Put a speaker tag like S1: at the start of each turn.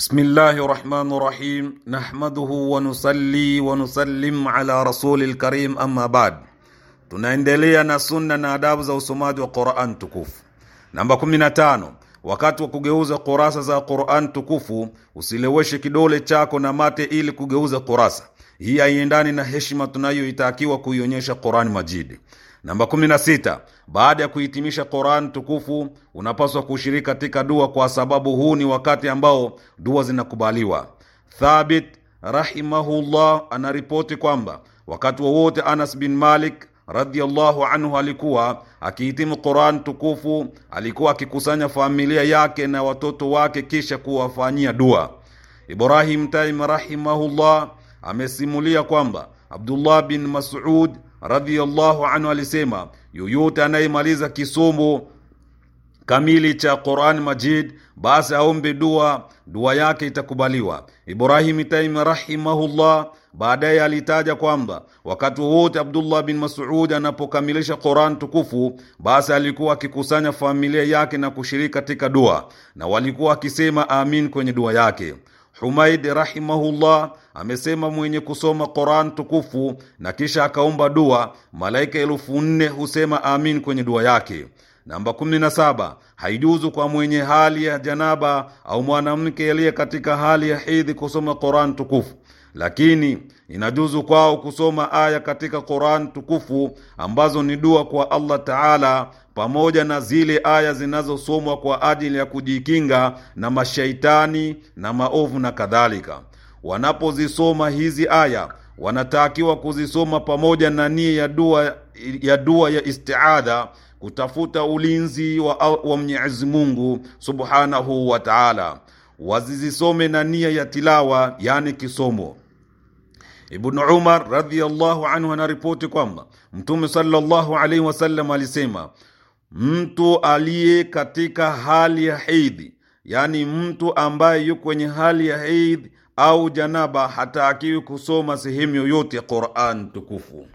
S1: بسم الله الرحمن الرحيم نحمده ونصلي ونسلم على رسول الكريم أما بعد tunaendelea na sunna na adabu za usomaji wa Qur'an tukufu. Namba 15 wakati wa kugeuza kurasa za Qur'an tukufu usileweshe kidole chako na mate ili kugeuza kurasa. Hii haiendani na heshima tunayoitakiwa kuionyesha Qur'an Majidi. Namba 16, baada ya kuhitimisha Qur'an tukufu unapaswa kushiriki katika dua, kwa sababu huu ni wakati ambao dua zinakubaliwa. Thabit rahimahullah anaripoti kwamba wakati wowote Anas bin Malik radhiallahu anhu alikuwa akihitimu Qur'an tukufu, alikuwa akikusanya familia yake na watoto wake kisha kuwafanyia dua. Ibrahim Taim rahimahullah amesimulia kwamba Abdullah bin Mas'ud radhiyallahu anhu alisema, yoyote anayemaliza kisomo kamili cha Quran Majid basi aombe dua, dua yake itakubaliwa. Ibrahim Taim rahimahullah baadaye alitaja kwamba wakati wowote Abdullah bin Mas'ud anapokamilisha Quran tukufu basi alikuwa akikusanya familia yake na kushiriki katika dua, na walikuwa akisema amin kwenye dua yake. Humaid rahimahullah amesema mwenye kusoma Quran tukufu na kisha akaomba dua, malaika elfu nne husema amin kwenye dua yake. Namba 17 haijuzu kwa mwenye hali ya janaba au mwanamke aliye katika hali ya hidhi kusoma Quran tukufu, lakini inajuzu kwao kusoma aya katika Quran tukufu ambazo ni dua kwa Allah Taala pamoja na zile aya zinazosomwa kwa ajili ya kujikinga na mashaitani na maovu na kadhalika. Wanapozisoma hizi aya wanatakiwa kuzisoma pamoja na nia ya dua ya dua ya istiadha kutafuta ulinzi wa, wa Mwenyezi Mungu Subhanahu wa Ta'ala. Wazizisome na nia ya tilawa, yani kisomo. Ibnu Umar radhiyallahu anhu anaripoti kwamba Mtume sallallahu alaihi wasallam alisema mtu aliye katika hali ya hedhi, yaani mtu ambaye yuko kwenye hali ya hedhi au janaba, hatakiwi kusoma sehemu yoyote ya Qur'an tukufu.